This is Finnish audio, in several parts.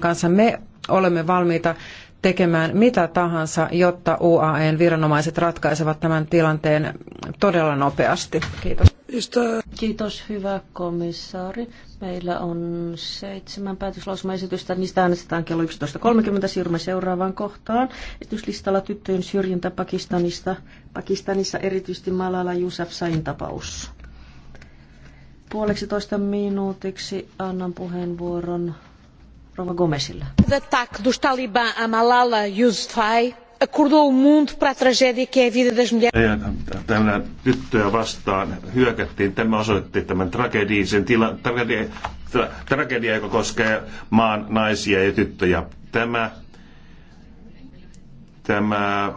kanssa me olemme valmiita tekemään mitä tahansa, jotta UAEn viranomaiset ratkaisevat tämän tilanteen todella nopeasti. Kiitos. Kiitos, hyvä komissaari. Meillä on seitsemän päätöslausumaesitystä. Niistä äänestetään kello 11.30. Siirrymme seuraavaan kohtaan. Esityslistalla tyttöjen syrjintä Pakistanista. Pakistanissa erityisesti Malala Yousafzain tapaus. Puoleksi toista minuutiksi annan puheenvuoron Rova Gomesilla. ataque dos Talibã a Malala Yousafzai acordou o mundo para a tragédia que é a vida das mulheres. Tällä tyttöä vastaan hyökättiin. Tämä osoitti tämän tragedian, sen tila, tragedia, tra, tragedia, joka koskee maan naisia ja tyttöjä. Tämä, tämä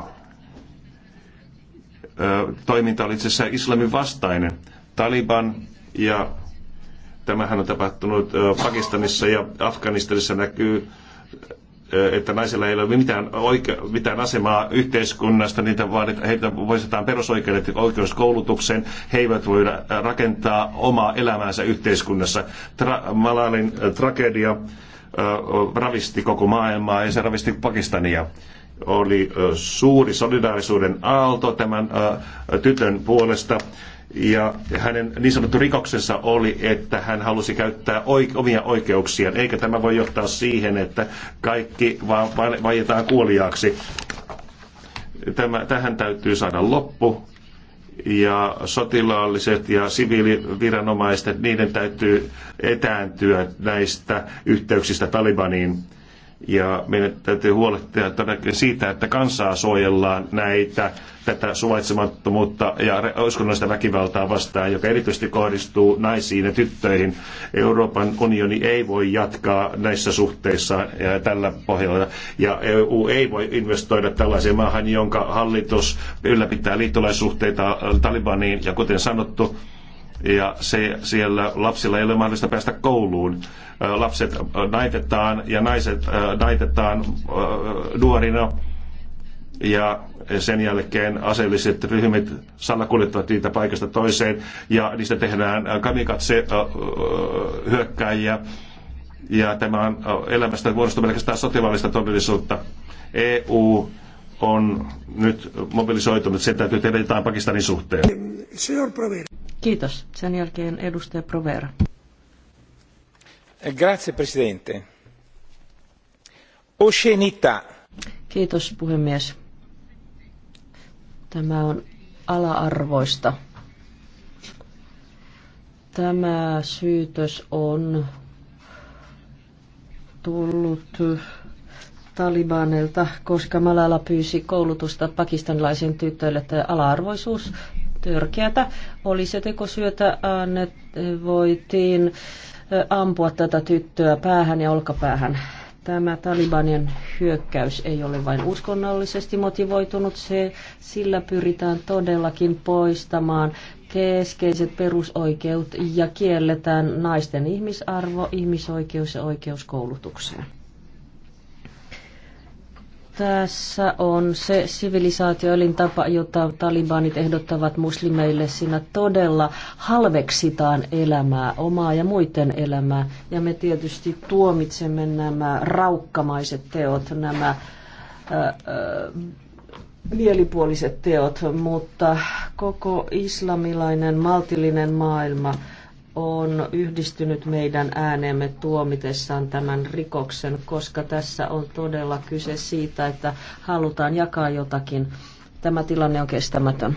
ö, toiminta oli itse asiassa islamin vastainen. Taliban ja Tämähän on tapahtunut Pakistanissa ja Afganistanissa näkyy että naisilla ei ole mitään, oike- mitään asemaa yhteiskunnasta, niitä vaan heitä voistetaan perusoikeudet ja oikeus koulutukseen, he eivät voi rakentaa omaa elämäänsä yhteiskunnassa. Tra- Malalin tragedia ravisti koko maailmaa ja se ravisti Pakistania. Oli suuri solidaarisuuden aalto tämän tytön puolesta ja hänen niin sanottu rikoksensa oli, että hän halusi käyttää omia oikeuksiaan, eikä tämä voi johtaa siihen, että kaikki vaan vaietaan kuoliaaksi. Tämä, tähän täytyy saada loppu ja sotilaalliset ja siviiliviranomaiset, niiden täytyy etääntyä näistä yhteyksistä Talibaniin. Ja meidän täytyy huolehtia siitä, että kansaa suojellaan näitä, tätä suvaitsemattomuutta ja uskonnollista väkivaltaa vastaan, joka erityisesti kohdistuu naisiin ja tyttöihin. Euroopan unioni ei voi jatkaa näissä suhteissa tällä pohjalla. Ja EU ei voi investoida tällaiseen maahan, jonka hallitus ylläpitää liittolaissuhteita Talibaniin. Ja kuten sanottu, ja se, siellä lapsilla ei ole mahdollista päästä kouluun. Lapset naitetaan ja naiset naitetaan nuorina ja sen jälkeen aseelliset ryhmät salakuljettavat niitä paikasta toiseen ja niistä tehdään kamikatse hyökkäjiä ja tämä on elämästä muodostunut melkein sotilaallista todellisuutta. EU on nyt mobilisoitunut, sen täytyy tehdä jotain Pakistanin suhteen. Kiitos. Sen jälkeen edustaja Provera. Grazie, presidente. Oceanita. Kiitos, puhemies. Tämä on ala-arvoista. Tämä syytös on tullut Talibanilta, koska Malala pyysi koulutusta pakistanilaisen tytöille. Tämä ala-arvoisuus törkeätä. Oli se tekosyötä, annet, voitiin ampua tätä tyttöä päähän ja olkapäähän. Tämä Talibanien hyökkäys ei ole vain uskonnollisesti motivoitunut, se, sillä pyritään todellakin poistamaan keskeiset perusoikeudet ja kielletään naisten ihmisarvo, ihmisoikeus ja oikeus koulutukseen. Tässä on se sivilisaatioelintapa, jota talibanit ehdottavat muslimeille. Siinä todella halveksitaan elämää, omaa ja muiden elämää. Ja me tietysti tuomitsemme nämä raukkamaiset teot, nämä ää, ää, mielipuoliset teot, mutta koko islamilainen maltillinen maailma – on yhdistynyt meidän ääneemme tuomitessaan tämän rikoksen, koska tässä on todella kyse siitä, että halutaan jakaa jotakin. Tämä tilanne on kestämätön.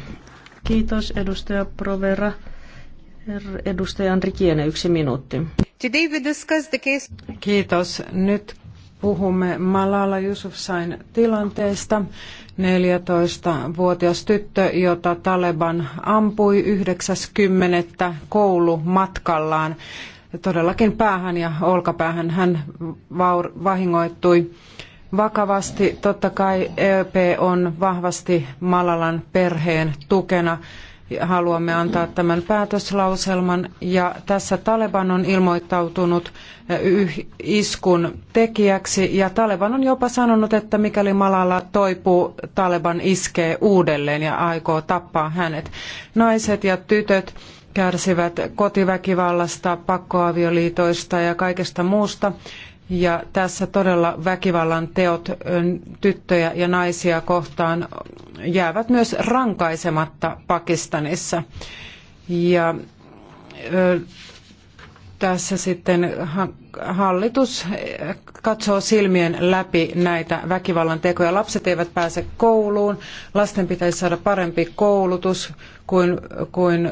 Kiitos edustaja Provera. Edustaja Kiene, yksi minuutti. Kiitos. Nyt puhumme Malala Yousafzain tilanteesta. 14-vuotias tyttö, jota Taleban ampui 90. koulumatkallaan. Todellakin päähän ja olkapäähän hän vahingoittui vakavasti. Totta kai EP on vahvasti Malalan perheen tukena haluamme antaa tämän päätöslauselman. Ja tässä Taleban on ilmoittautunut eh, iskun tekijäksi ja Taleban on jopa sanonut, että mikäli Malala toipuu, Taleban iskee uudelleen ja aikoo tappaa hänet. Naiset ja tytöt kärsivät kotiväkivallasta, pakkoavioliitoista ja kaikesta muusta. Ja tässä todella väkivallan teot tyttöjä ja naisia kohtaan jäävät myös rankaisematta Pakistanissa. Ja tässä sitten hallitus katsoo silmien läpi näitä väkivallan tekoja. Lapset eivät pääse kouluun, lasten pitäisi saada parempi koulutus kuin, kuin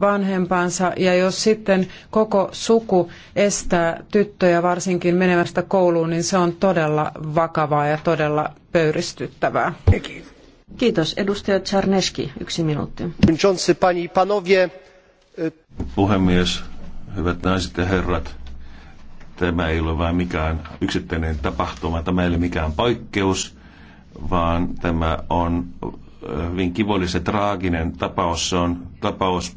vanhempansa ja jos sitten koko suku estää tyttöjä varsinkin menemästä kouluun, niin se on todella vakavaa ja todella pöyristyttävää. Kiitos. Edustaja Czarneski, yksi minuutti. Puhemies, hyvät naiset ja herrat, tämä ei ole vain mikään yksittäinen tapahtuma, tämä ei ole mikään poikkeus, vaan tämä on hyvin kivollisen traaginen tapaus. Se on tapaus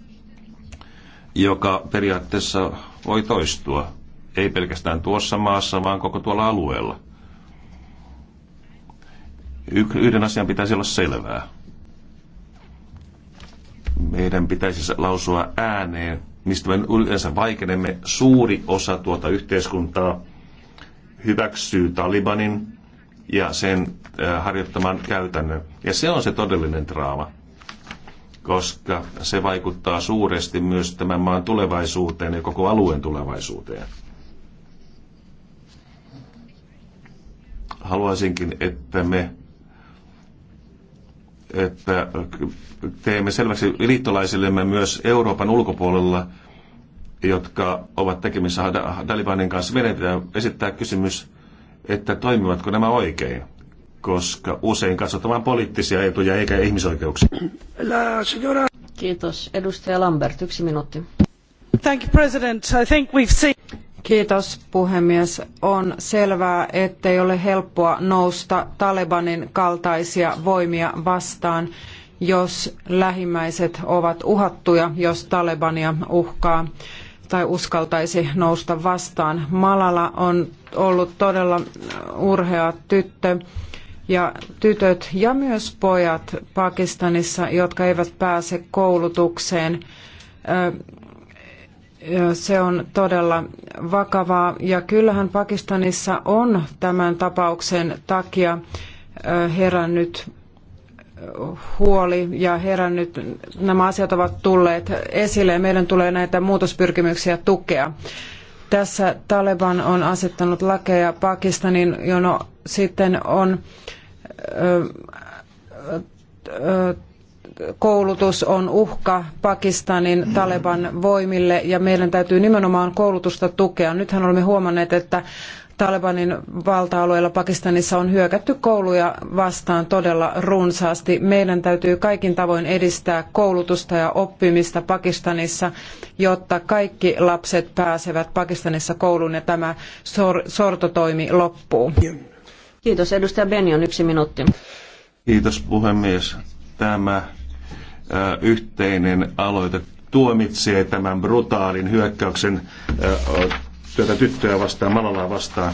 joka periaatteessa voi toistua, ei pelkästään tuossa maassa, vaan koko tuolla alueella. Yhden asian pitäisi olla selvää. Meidän pitäisi lausua ääneen, mistä me yleensä vaikenemme. Suuri osa tuota yhteiskuntaa hyväksyy Talibanin ja sen äh, harjoittaman käytännön. Ja se on se todellinen draama koska se vaikuttaa suuresti myös tämän maan tulevaisuuteen ja koko alueen tulevaisuuteen. Haluaisinkin, että me että teemme selväksi liittolaisillemme myös Euroopan ulkopuolella, jotka ovat tekemissä Dalibanin kanssa. Meidän pitää esittää kysymys, että toimivatko nämä oikein koska usein katsotaan poliittisia etuja eikä ihmisoikeuksia. Kiitos. Edustaja Lambert, yksi minuutti. Thank you, President. I think we've seen... Kiitos puhemies. On selvää, ettei ole helppoa nousta Talebanin kaltaisia voimia vastaan, jos lähimmäiset ovat uhattuja, jos Talebania uhkaa tai uskaltaisi nousta vastaan. Malala on ollut todella urhea tyttö ja tytöt ja myös pojat Pakistanissa, jotka eivät pääse koulutukseen. Se on todella vakavaa ja kyllähän Pakistanissa on tämän tapauksen takia herännyt huoli ja herännyt, nämä asiat ovat tulleet esille ja meidän tulee näitä muutospyrkimyksiä tukea. Tässä Taleban on asettanut lakeja Pakistanin, jono sitten on koulutus on uhka Pakistanin Taleban voimille ja meidän täytyy nimenomaan koulutusta tukea. Nythän olemme huomanneet, että Talibanin valta-alueella Pakistanissa on hyökätty kouluja vastaan todella runsaasti. Meidän täytyy kaikin tavoin edistää koulutusta ja oppimista Pakistanissa, jotta kaikki lapset pääsevät Pakistanissa kouluun ja tämä sor- sortotoimi loppuu. Kiitos. Edustaja Benion yksi minuutti. Kiitos puhemies. Tämä yhteinen aloite tuomitsee tämän brutaalin hyökkäyksen ä, työtä tyttöjä vastaan, Malalaa vastaan.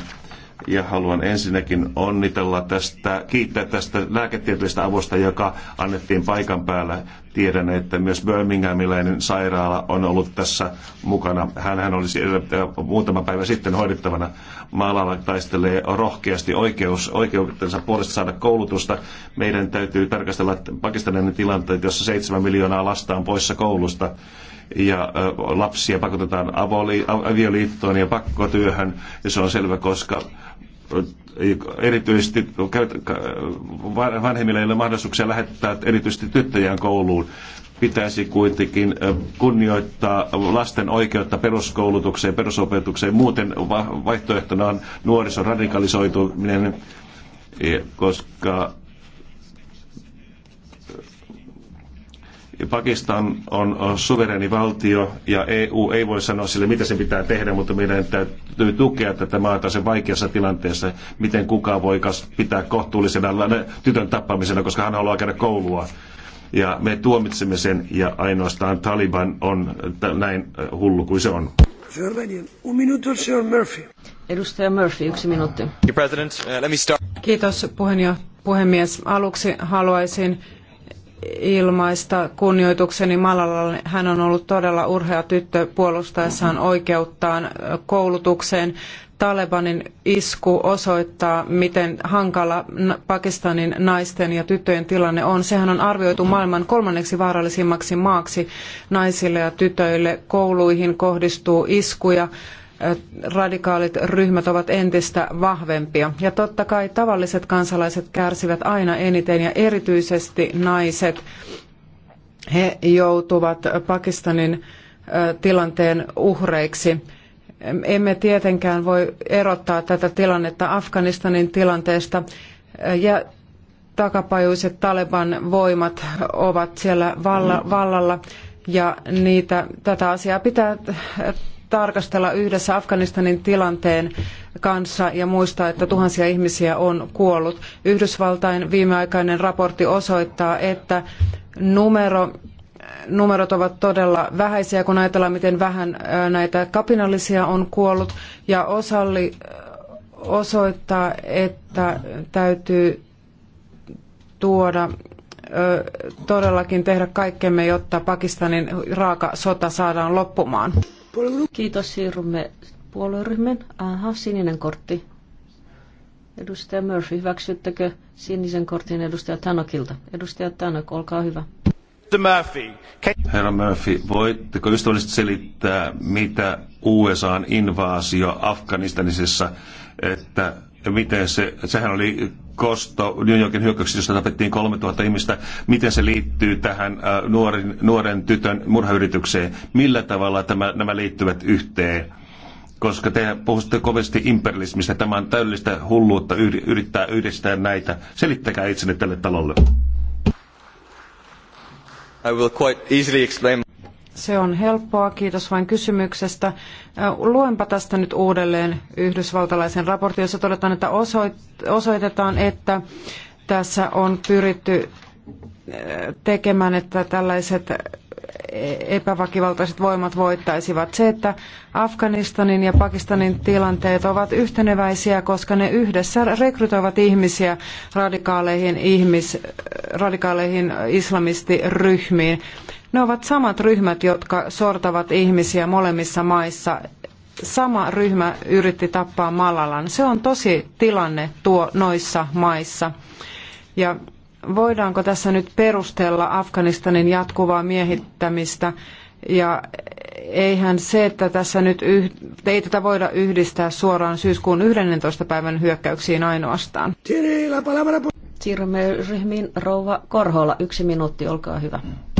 Ja haluan ensinnäkin onnitella tästä, kiittää tästä lääketieteellisestä avusta, joka annettiin paikan päällä. Tiedän, että myös Birminghamilainen sairaala on ollut tässä mukana. hän olisi äh, muutama päivä sitten hoidettavana. Maalalla taistelee rohkeasti oikeus, oikeutensa puolesta saada koulutusta. Meidän täytyy tarkastella Pakistanin tilanteet, jossa 7 miljoonaa lasta on poissa koulusta ja lapsia pakotetaan avioliittoon ja pakkotyöhön, ja se on selvä, koska erityisesti vanhemmilla ei ole mahdollisuuksia lähettää erityisesti tyttöjään kouluun. Pitäisi kuitenkin kunnioittaa lasten oikeutta peruskoulutukseen, perusopetukseen. Muuten vaihtoehtona on nuorison radikalisoituminen, e, koska Pakistan on suvereni valtio ja EU ei voi sanoa sille, mitä se pitää tehdä, mutta meidän täytyy tukea tätä maata sen vaikeassa tilanteessa, miten kukaan voi pitää kohtuullisena tytön tappamisena, koska hän haluaa käydä koulua. Ja me tuomitsemme sen ja ainoastaan Taliban on näin äh, hullu kuin se on. Edustaja Murphy, yksi minuutti. Uh, Kiitos puhemies. Aluksi haluaisin ilmaista kunnioitukseni Malalalle. Hän on ollut todella urhea tyttö puolustaessaan oikeuttaan koulutukseen. Talebanin isku osoittaa, miten hankala Pakistanin naisten ja tyttöjen tilanne on. Sehän on arvioitu maailman kolmanneksi vaarallisimmaksi maaksi naisille ja tytöille. Kouluihin kohdistuu iskuja radikaalit ryhmät ovat entistä vahvempia. Ja totta kai tavalliset kansalaiset kärsivät aina eniten ja erityisesti naiset. He joutuvat Pakistanin tilanteen uhreiksi. Emme tietenkään voi erottaa tätä tilannetta Afganistanin tilanteesta. Ja takapajuiset Taleban voimat ovat siellä vallalla ja niitä, tätä asiaa pitää tarkastella yhdessä Afganistanin tilanteen kanssa ja muistaa, että tuhansia ihmisiä on kuollut. Yhdysvaltain viimeaikainen raportti osoittaa, että numero numerot ovat todella vähäisiä, kun ajatellaan, miten vähän näitä kapinallisia on kuollut. Ja osalli osoittaa, että täytyy tuoda todellakin tehdä kaikkemme, jotta Pakistanin raaka sota saadaan loppumaan. Kiitos, siirrymme puolueryhmän. Aha, sininen kortti. Edustaja Murphy, hyväksyttekö sinisen kortin edustaja Tanokilta? Edustaja Tanok, olkaa hyvä. Murphy. Herra Murphy, voitteko ystävällisesti selittää, mitä USAn invaasio Afganistanisessa, että miten se, sehän oli kosto New Yorkin hyökkäyksessä, jossa tapettiin 3000 ihmistä, miten se liittyy tähän äh, nuoren, nuoren tytön murhayritykseen, millä tavalla tämä, nämä liittyvät yhteen koska te puhutte kovasti imperialismista. Tämä on täydellistä hulluutta yrittää yhdistää näitä. Selittäkää itsenne tälle talolle. I will quite easily explain. Se on helppoa, kiitos vain kysymyksestä. Luenpa tästä nyt uudelleen yhdysvaltalaisen raportin, jossa todetaan, että osoitetaan, että tässä on pyritty tekemään, että tällaiset epävakivaltaiset voimat voittaisivat. Se, että Afganistanin ja Pakistanin tilanteet ovat yhteneväisiä, koska ne yhdessä rekrytoivat ihmisiä radikaaleihin, ihmis, radikaaleihin islamistiryhmiin. Ne ovat samat ryhmät, jotka sortavat ihmisiä molemmissa maissa. Sama ryhmä yritti tappaa Malalan. Se on tosi tilanne tuo noissa maissa. Ja voidaanko tässä nyt perustella Afganistanin jatkuvaa miehittämistä ja eihän se, että tässä nyt yh, ei tätä voida yhdistää suoraan syyskuun 11. päivän hyökkäyksiin ainoastaan. Siirrymme ryhmiin. Rouva Korhola, yksi minuutti, olkaa hyvä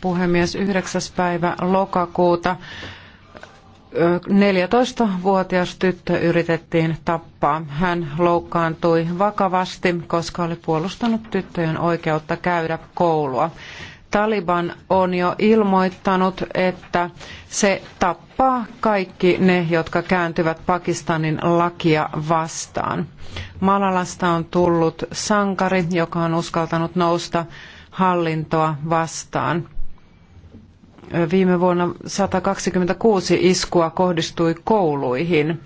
puhemies. 9. päivä lokakuuta 14-vuotias tyttö yritettiin tappaa. Hän loukkaantui vakavasti, koska oli puolustanut tyttöjen oikeutta käydä koulua. Taliban on jo ilmoittanut, että se tappaa kaikki ne, jotka kääntyvät Pakistanin lakia vastaan. Malalasta on tullut sankari, joka on uskaltanut nousta hallintoa vastaan. Viime vuonna 126 iskua kohdistui kouluihin.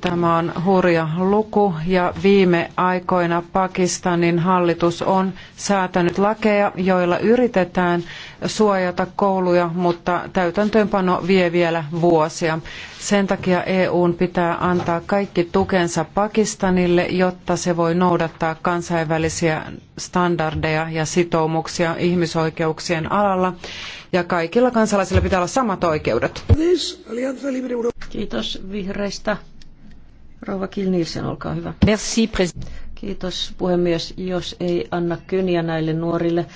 Tämä on hurja luku ja viime aikoina Pakistanin hallitus on säätänyt lakeja, joilla yritetään suojata kouluja, mutta täytäntöönpano vie vielä vuosia. Sen takia EUn pitää antaa kaikki tukensa Pakistanille, jotta se voi noudattaa kansainvälisiä standardeja ja sitoumuksia ihmisoikeuksien alalla ja kaikilla kansalaisilla pitää olla samat oikeudet. Kiitos vihreistä. Rouva Kilniilsen, olkaa hyvä. Merci, Kiitos puhemies. Jos ei anna kyniä näille nuorille,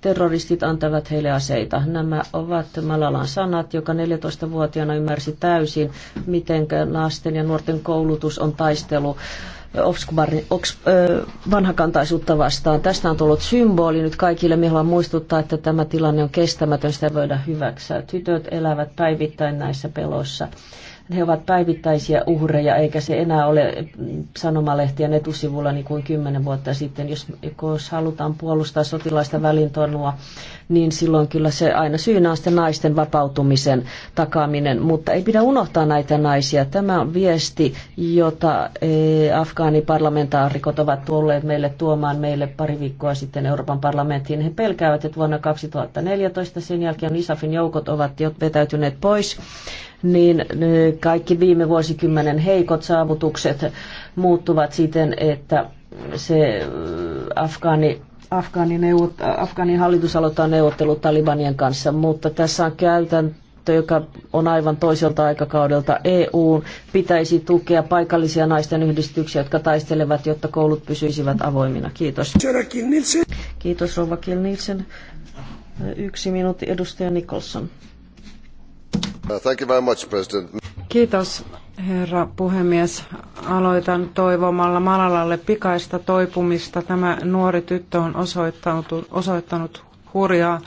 terroristit antavat heille aseita. Nämä ovat Malalan sanat, joka 14-vuotiaana ymmärsi täysin, miten lasten ja nuorten koulutus on taistelu vanhakantaisuutta vastaan. Tästä on tullut symboli nyt kaikille. Me haluan muistuttaa, että tämä tilanne on kestämätön, sitä voidaan hyväksyä. Tytöt elävät päivittäin näissä peloissa he ovat päivittäisiä uhreja, eikä se enää ole sanomalehtien etusivulla niin kuin kymmenen vuotta sitten. Jos, jos halutaan puolustaa sotilaista välintonua, niin silloin kyllä se aina syynä on sitten naisten vapautumisen takaaminen, mutta ei pidä unohtaa näitä naisia. Tämä on viesti, jota eh, afgaaniparlamentaarikot ovat tulleet meille tuomaan meille pari viikkoa sitten Euroopan parlamenttiin. He pelkäävät, että vuonna 2014 sen jälkeen ISAFin joukot ovat jo vetäytyneet pois niin kaikki viime vuosikymmenen heikot saavutukset muuttuvat siten, että se Afgaani neuvot, Afgaanin hallitus aloittaa neuvottelut Talibanien kanssa, mutta tässä on käytäntö, joka on aivan toiselta aikakaudelta. EU pitäisi tukea paikallisia naisten yhdistyksiä, jotka taistelevat, jotta koulut pysyisivät avoimina. Kiitos. Kiitos Rova Kilnilsen. Yksi minuutti edustaja Nicholson. Thank you very much, President. Kiitos, herra puhemies. Aloitan toivomalla Malalalle pikaista toipumista. Tämä nuori tyttö on osoittanut, osoittanut hurjaa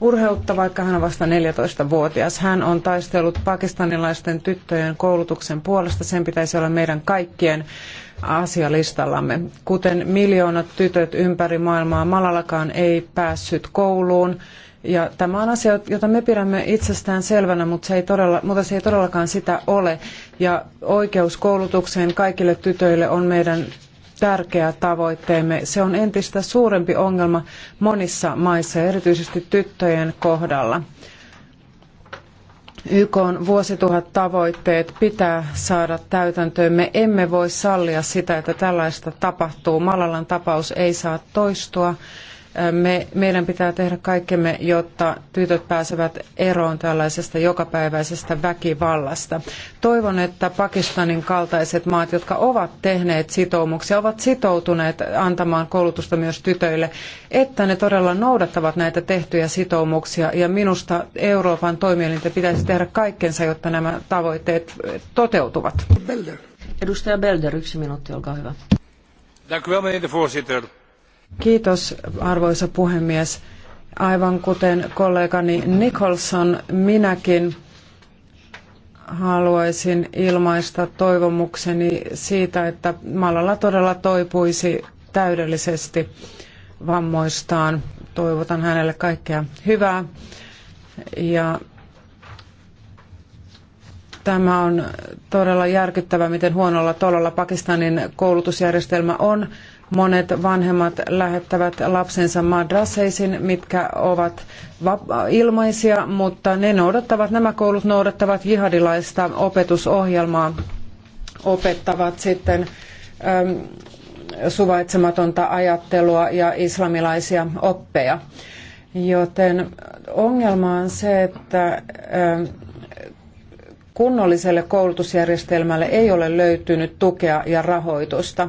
urheutta, vaikka hän on vasta 14-vuotias. Hän on taistellut pakistanilaisten tyttöjen koulutuksen puolesta. Sen pitäisi olla meidän kaikkien asialistallamme. Kuten miljoonat tytöt ympäri maailmaa, Malalakaan ei päässyt kouluun ja tämä on asia, jota me pidämme itsestään selvänä, mutta se ei, todella, mutta se ei todellakaan sitä ole. Ja oikeus koulutukseen kaikille tytöille on meidän tärkeä tavoitteemme. Se on entistä suurempi ongelma monissa maissa, erityisesti tyttöjen kohdalla. YK on vuosituhat tavoitteet pitää saada täytäntöön. Me emme voi sallia sitä, että tällaista tapahtuu. Malalan tapaus ei saa toistua. Me, meidän pitää tehdä kaikkemme, jotta tytöt pääsevät eroon tällaisesta jokapäiväisestä väkivallasta. Toivon, että Pakistanin kaltaiset maat, jotka ovat tehneet sitoumuksia, ovat sitoutuneet antamaan koulutusta myös tytöille, että ne todella noudattavat näitä tehtyjä sitoumuksia. Ja minusta Euroopan toimielinten pitäisi tehdä kaikkensa, jotta nämä tavoitteet toteutuvat. Belder. Edustaja Belder, yksi minuutti, olkaa hyvä. Dank u wel, meneer de voorzitter. Kiitos, arvoisa puhemies. Aivan kuten kollegani Nicholson, minäkin haluaisin ilmaista toivomukseni siitä, että Malala todella toipuisi täydellisesti vammoistaan. Toivotan hänelle kaikkea hyvää. Ja tämä on todella järkyttävä, miten huonolla tololla Pakistanin koulutusjärjestelmä on. Monet vanhemmat lähettävät lapsensa madraseisiin, mitkä ovat ilmaisia, mutta ne noudattavat, nämä koulut noudattavat jihadilaista opetusohjelmaa, opettavat sitten äm, suvaitsematonta ajattelua ja islamilaisia oppeja. Joten ongelma on se, että kunnolliselle koulutusjärjestelmälle ei ole löytynyt tukea ja rahoitusta.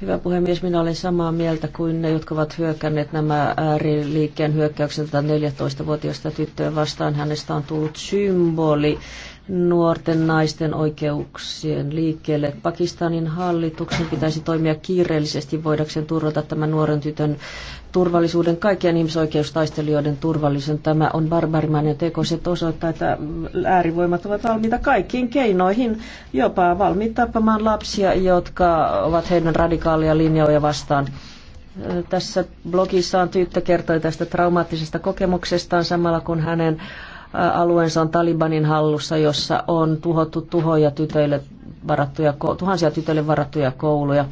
Hyvä puhemies, minä olen samaa mieltä kuin ne, jotka ovat hyökänneet nämä ääriliikkeen hyökkäykseltä 14-vuotiaista tyttöä vastaan. Hänestä on tullut symboli nuorten naisten oikeuksien liikkeelle. Pakistanin hallituksen pitäisi toimia kiireellisesti voidakseen turvata tämän nuoren tytön turvallisuuden, kaikkien ihmisoikeustaistelijoiden turvallisuuden. Tämä on barbarimainen teko. Se osoittaa, että äärivoimat ovat valmiita kaikkiin keinoihin, jopa valmiit tappamaan lapsia, jotka ovat heidän radikaalia linjoja vastaan. Tässä blogissaan tyttö kertoi tästä traumaattisesta kokemuksestaan samalla kun hänen alueensa on Talibanin hallussa, jossa on tuhottu tuhoja tytöille varattuja, tuhansia tytöille varattuja kouluja.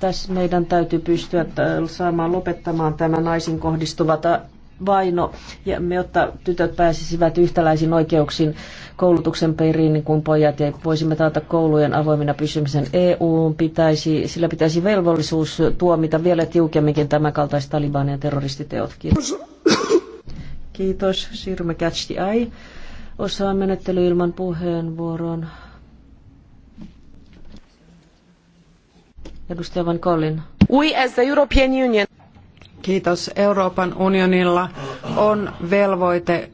Tässä meidän täytyy pystyä saamaan lopettamaan tämä naisin kohdistuva äh, vaino, ja me, jotta tytöt pääsisivät yhtäläisiin oikeuksiin koulutuksen periin niin kuin pojat, ja voisimme taata koulujen avoimina pysymisen EU, pitäisi, sillä pitäisi velvollisuus tuomita vielä tiukemminkin tämänkaltaiset Taliban ja terroristiteotkin. Kiitos. Kiitos. Siirrymme Catch the Eye. Osaan menettely ilman puheenvuoroon. Edustaja Van Collin. We as the European Union. Kiitos. Euroopan unionilla on velvoite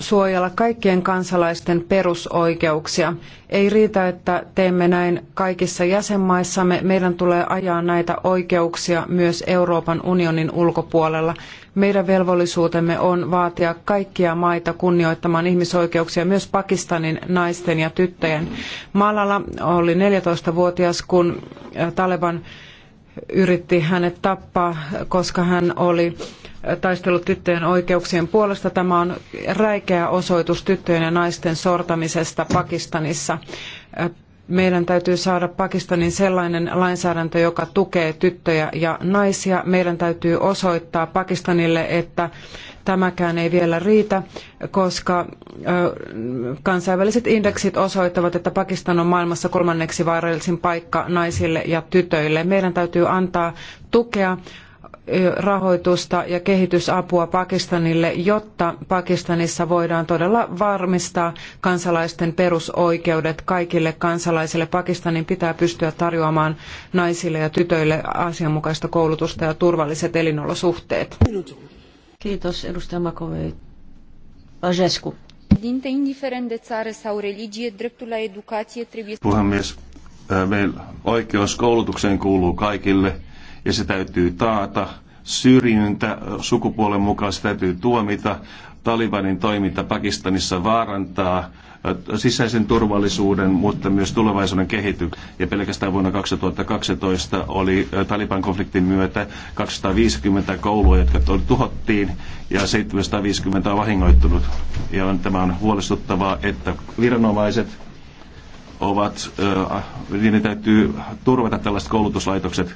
suojella kaikkien kansalaisten perusoikeuksia. Ei riitä, että teemme näin kaikissa jäsenmaissamme. Meidän tulee ajaa näitä oikeuksia myös Euroopan unionin ulkopuolella. Meidän velvollisuutemme on vaatia kaikkia maita kunnioittamaan ihmisoikeuksia, myös Pakistanin naisten ja tyttöjen. Malala oli 14-vuotias, kun Taleban yritti hänet tappaa, koska hän oli taistellut tyttöjen oikeuksien puolesta. Tämä on räikeä osoitus tyttöjen ja naisten sortamisesta Pakistanissa. Meidän täytyy saada Pakistanin sellainen lainsäädäntö, joka tukee tyttöjä ja naisia. Meidän täytyy osoittaa Pakistanille, että tämäkään ei vielä riitä, koska kansainväliset indeksit osoittavat, että Pakistan on maailmassa kolmanneksi vaarallisin paikka naisille ja tytöille. Meidän täytyy antaa tukea rahoitusta ja kehitysapua Pakistanille, jotta Pakistanissa voidaan todella varmistaa kansalaisten perusoikeudet kaikille kansalaisille. Pakistanin pitää pystyä tarjoamaan naisille ja tytöille asianmukaista koulutusta ja turvalliset elinolosuhteet. Kiitos, edustaja Makovei. Vajesku. Puhemies, meillä oikeus koulutukseen kuuluu kaikille ja se täytyy taata. Syrjintä sukupuolen mukaan se täytyy tuomita. Talibanin toiminta Pakistanissa vaarantaa sisäisen turvallisuuden, mutta myös tulevaisuuden kehityksen. Ja pelkästään vuonna 2012 oli Taliban konfliktin myötä 250 koulua, jotka tuhottiin ja 750 on vahingoittunut. Ja on, tämä on huolestuttavaa, että viranomaiset ovat, niin täytyy turvata tällaiset koulutuslaitokset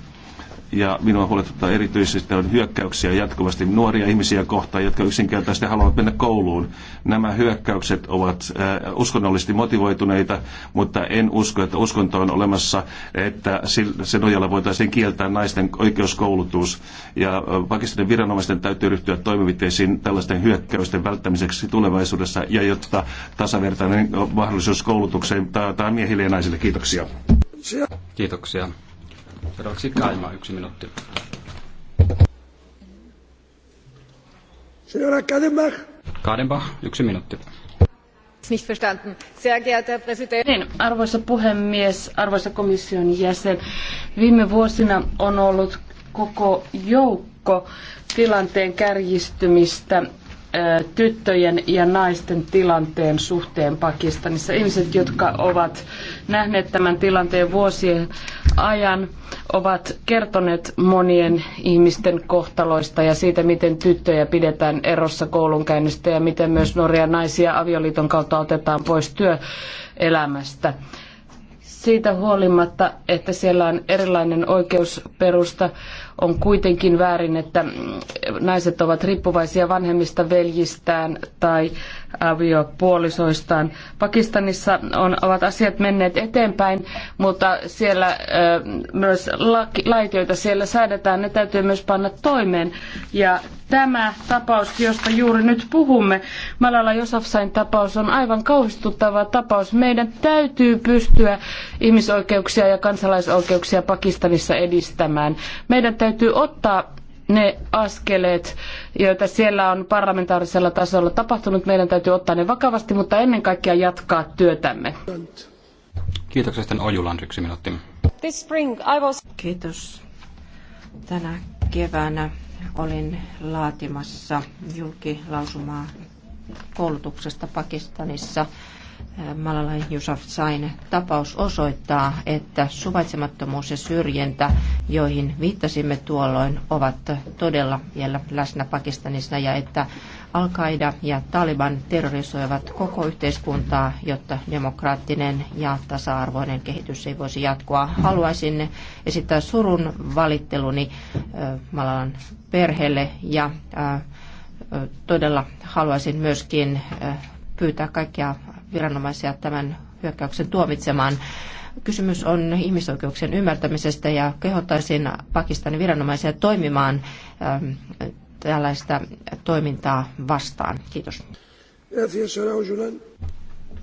ja minua huolestuttaa erityisesti on hyökkäyksiä jatkuvasti nuoria ihmisiä kohtaan, jotka yksinkertaisesti haluavat mennä kouluun. Nämä hyökkäykset ovat äh, uskonnollisesti motivoituneita, mutta en usko, että uskonto on olemassa, että sen nojalla voitaisiin kieltää naisten oikeuskoulutus. Ja äh, Pakistanin viranomaisten täytyy ryhtyä toimenpiteisiin tällaisten hyökkäysten välttämiseksi tulevaisuudessa ja jotta tasavertainen mahdollisuus koulutukseen taataan miehille ja naisille. Kiitoksia. Kiitoksia. Seuraavaksi Kaima, yksi minuutti. Señora Kadenbach. Kadenbach, yksi minuutti. Niin, arvoisa puhemies, arvoisa komission jäsen, viime vuosina on ollut koko joukko tilanteen kärjistymistä tyttöjen ja naisten tilanteen suhteen Pakistanissa. Ihmiset, jotka ovat nähneet tämän tilanteen vuosien ajan ovat kertoneet monien ihmisten kohtaloista ja siitä, miten tyttöjä pidetään erossa koulunkäynnistä ja miten myös nuoria naisia avioliiton kautta otetaan pois työelämästä. Siitä huolimatta, että siellä on erilainen oikeusperusta, on kuitenkin väärin, että naiset ovat riippuvaisia vanhemmista veljistään tai aviopuolisoistaan. Pakistanissa on, ovat asiat menneet eteenpäin, mutta siellä myös lait, joita siellä säädetään, ne täytyy myös panna toimeen. Ja tämä tapaus, josta juuri nyt puhumme, Malala Yousafzain tapaus, on aivan kauhistuttava tapaus. Meidän täytyy pystyä ihmisoikeuksia ja kansalaisoikeuksia Pakistanissa edistämään. Meidän täytyy ottaa ne askeleet, joita siellä on parlamentaarisella tasolla tapahtunut. Meidän täytyy ottaa ne vakavasti, mutta ennen kaikkea jatkaa työtämme. Kiitoksia sitten Ojulan yksi minuutti. This spring I was... Kiitos. Tänä keväänä olin laatimassa julkilausumaa koulutuksesta Pakistanissa Äh, Malala Yousafzain tapaus osoittaa, että suvaitsemattomuus ja syrjintä, joihin viittasimme tuolloin, ovat todella vielä läsnä Pakistanissa ja että Al-Qaida ja Taliban terrorisoivat koko yhteiskuntaa, jotta demokraattinen ja tasa-arvoinen kehitys ei voisi jatkua. Haluaisin esittää surun valitteluni äh, Malalan perheelle ja äh, todella haluaisin myöskin pyytää kaikkia viranomaisia tämän hyökkäyksen tuomitsemaan. Kysymys on ihmisoikeuksien ymmärtämisestä ja kehottaisin Pakistanin viranomaisia toimimaan ähm, tällaista toimintaa vastaan. Kiitos.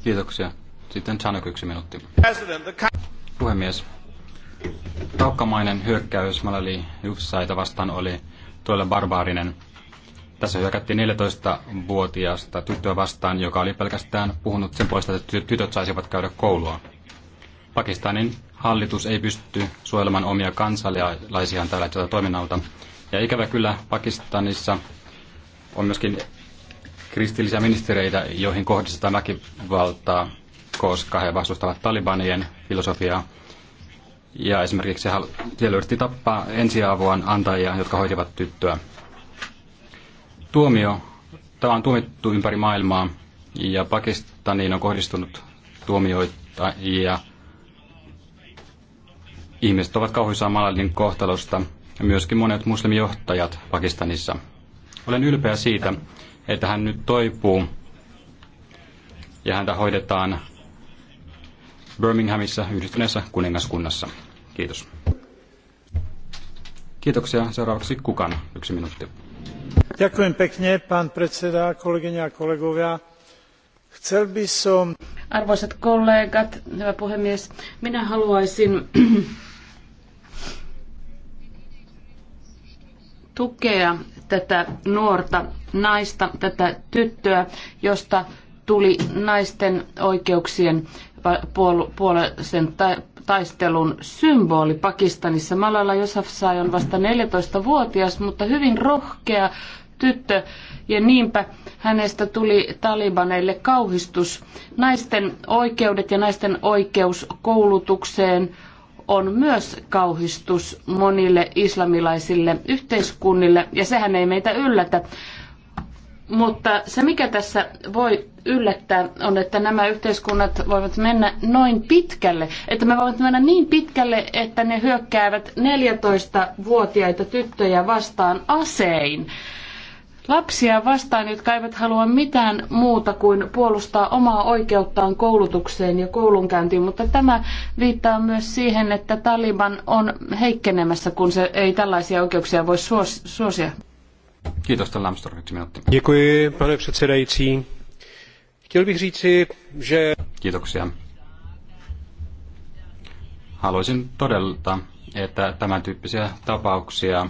Kiitoksia. Sitten Chanuk yksi minuutti. Puhemies, kaukkamainen hyökkäys Malali Jufsaita vastaan oli tuolle barbaarinen. Tässä hyökättiin 14-vuotiaasta tyttöä vastaan, joka oli pelkästään puhunut sen puolesta, että tytöt saisivat käydä koulua. Pakistanin hallitus ei pysty suojelemaan omia kansalaisiaan tällä hetkellä toiminnalta. Ja ikävä kyllä Pakistanissa on myöskin kristillisiä ministereitä, joihin kohdistetaan väkivaltaa, koska he vastustavat talibanien filosofiaa. Ja esimerkiksi siellä yritti tappaa ensiavuan antajia, jotka hoitivat tyttöä tuomio, tämä on tuomittu ympäri maailmaa ja Pakistaniin on kohdistunut tuomioita ja ihmiset ovat kauhuissaan Maladin kohtalosta ja myöskin monet muslimijohtajat Pakistanissa. Olen ylpeä siitä, että hän nyt toipuu ja häntä hoidetaan Birminghamissa yhdistyneessä kuningaskunnassa. Kiitos. Kiitoksia. Seuraavaksi kukan yksi minuutti. Arvoisat kollegat, hyvä puhemies, minä haluaisin tukea tätä nuorta naista, tätä tyttöä, josta tuli naisten oikeuksien puolisen taistelun symboli Pakistanissa. Malala Yousafzai on vasta 14-vuotias, mutta hyvin rohkea, tyttö ja niinpä hänestä tuli talibaneille kauhistus. Naisten oikeudet ja naisten oikeus koulutukseen on myös kauhistus monille islamilaisille yhteiskunnille ja sehän ei meitä yllätä. Mutta se, mikä tässä voi yllättää, on, että nämä yhteiskunnat voivat mennä noin pitkälle, että me voivat mennä niin pitkälle, että ne hyökkäävät 14-vuotiaita tyttöjä vastaan asein lapsia vastaan, jotka eivät halua mitään muuta kuin puolustaa omaa oikeuttaan koulutukseen ja koulunkäyntiin, mutta tämä viittaa myös siihen, että Taliban on heikkenemässä, kun se ei tällaisia oikeuksia voi suos- suosia. Kiitos, tämän Lamstor, yksi minuutti. Kiitoksia. Haluaisin todella, että tämän tyyppisiä tapauksia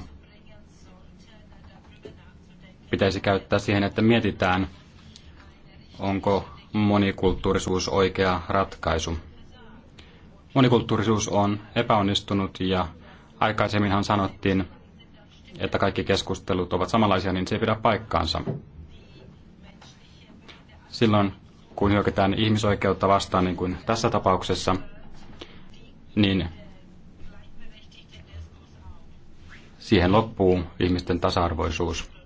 pitäisi käyttää siihen, että mietitään, onko monikulttuurisuus oikea ratkaisu. Monikulttuurisuus on epäonnistunut ja aikaisemminhan sanottiin, että kaikki keskustelut ovat samanlaisia, niin se ei pidä paikkaansa. Silloin, kun hyökätään ihmisoikeutta vastaan, niin kuin tässä tapauksessa, niin siihen loppuu ihmisten tasa-arvoisuus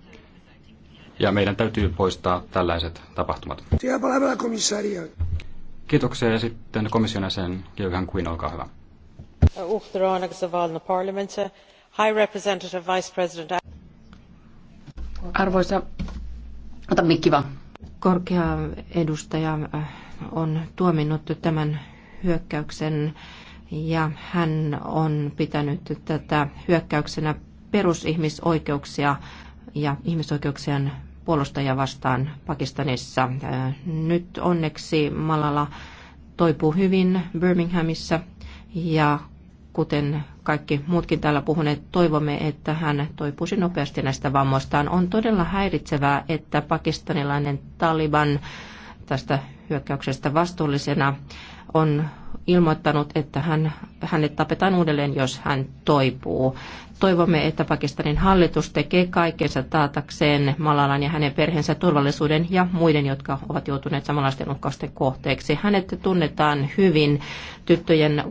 ja meidän täytyy poistaa tällaiset tapahtumat. Kiitoksia ja sitten komission jäsen Jürgen Quinn, olkaa hyvä. Arvoisa, ota mikki vaan. Korkea edustaja äh, on tuominnut tämän hyökkäyksen ja hän on pitänyt tätä hyökkäyksenä perusihmisoikeuksia ja ihmisoikeuksien puolustajia vastaan Pakistanissa. Äh, nyt onneksi Malala toipuu hyvin Birminghamissa ja kuten kaikki muutkin täällä puhuneet, toivomme, että hän toipuisi nopeasti näistä vammoistaan. On todella häiritsevää, että pakistanilainen Taliban tästä hyökkäyksestä vastuullisena on ilmoittanut, että hän, hänet tapetaan uudelleen, jos hän toipuu. Toivomme, että Pakistanin hallitus tekee kaikkensa taatakseen Malalan ja hänen perheensä turvallisuuden ja muiden, jotka ovat joutuneet samanlaisten uhkausten kohteeksi. Hänet tunnetaan hyvin tyttöjen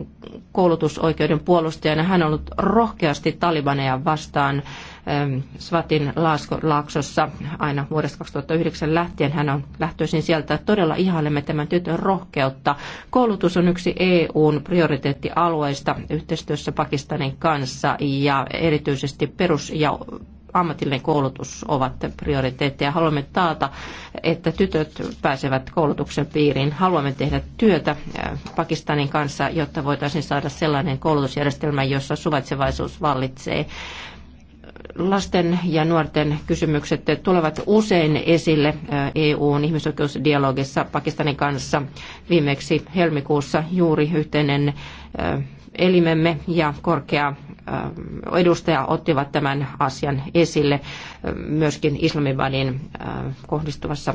koulutusoikeuden puolustajana. Hän on ollut rohkeasti talibaneja vastaan Svatin laaksossa aina vuodesta 2009 lähtien. Hän on lähtöisin sieltä. Todella ihailemme tämän tytön rohkeutta. Koulutus on yksi EUn prioriteettialueista yhteistyössä Pakistanin kanssa ja erityisesti perus- ja ammatillinen koulutus ovat prioriteetteja. Haluamme taata, että tytöt pääsevät koulutuksen piiriin. Haluamme tehdä työtä Pakistanin kanssa, jotta voitaisiin saada sellainen koulutusjärjestelmä, jossa suvaitsevaisuus vallitsee lasten ja nuorten kysymykset tulevat usein esille EUn ihmisoikeusdialogissa Pakistanin kanssa. Viimeksi helmikuussa juuri yhteinen elimemme ja korkea edustaja ottivat tämän asian esille myöskin Islamibadin kohdistuvassa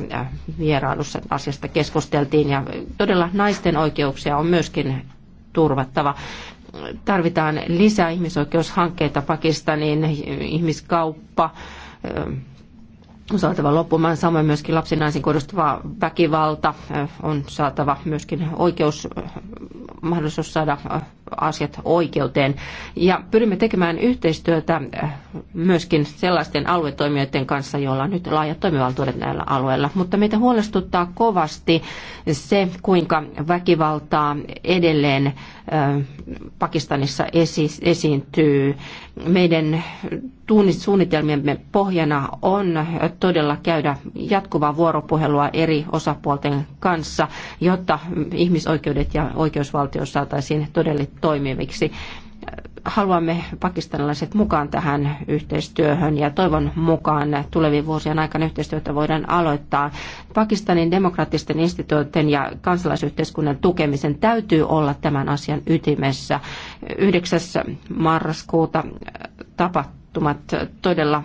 vierailussa asiasta keskusteltiin ja todella naisten oikeuksia on myöskin turvattava tarvitaan lisää ihmisoikeushankkeita Pakistaniin, ihmiskauppa, on saatava loppumaan. Samoin myöskin lapsen naisiin kohdistuva väkivalta on saatava myöskin oikeus, mahdollisuus saada asiat oikeuteen. Ja pyrimme tekemään yhteistyötä eh, myöskin sellaisten aluetoimijoiden kanssa, joilla on nyt laajat toimivaltuudet näillä alueilla. Mutta meitä huolestuttaa kovasti se, kuinka väkivaltaa edelleen eh, Pakistanissa esi- esiintyy. Meidän suunnitelmiemme pohjana on todella käydä jatkuvaa vuoropuhelua eri osapuolten kanssa, jotta ihmisoikeudet ja oikeusvaltio saataisiin toimiviksi. Haluamme pakistanilaiset mukaan tähän yhteistyöhön ja toivon mukaan tulevien vuosien aikana yhteistyötä voidaan aloittaa. Pakistanin demokraattisten instituutien ja kansalaisyhteiskunnan tukemisen täytyy olla tämän asian ytimessä. 9. marraskuuta tapahtuu tapahtumat todella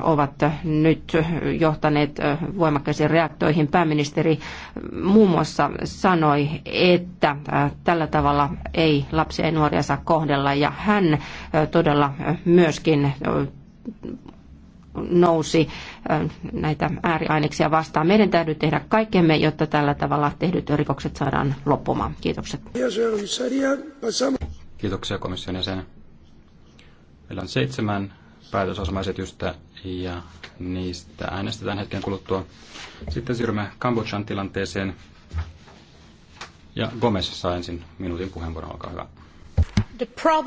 ovat nyt johtaneet voimakkaisiin reaktoihin. Pääministeri muun muassa sanoi, että tällä tavalla ei lapsia ja nuoria saa kohdella ja hän todella myöskin nousi näitä ääriaineksia vastaan. Meidän täytyy tehdä kaikkemme, jotta tällä tavalla tehdyt rikokset saadaan loppumaan. Kiitokset. Kiitoksia komission jäsenen. Meillä on seitsemän päätösasemaesitystä ja niistä äänestetään hetken kuluttua. Sitten siirrymme Kambodjan tilanteeseen. Ja Gomez saa ensin minuutin puheenvuoron, olkaa hyvä.